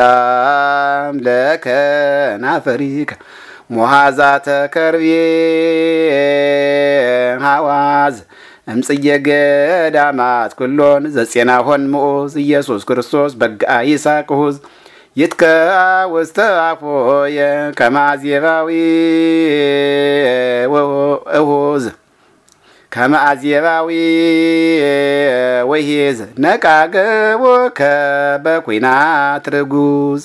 ሰላም ለከ ናፈሪከ ሙሃዛ ተከርቤ ሃዋዝ እምጽየ ገዳማት ኩሎን ዘጼናሆን ምኡዝ ኢየሱስ ክርስቶስ በግአ ይሳቅሁዝ ይትከ ውስተ አፎየ ከማዜባዊ እሁዝ ከማዜባዊ ወይዝ ነቃ ገቦከ በኩናት ርጉዝ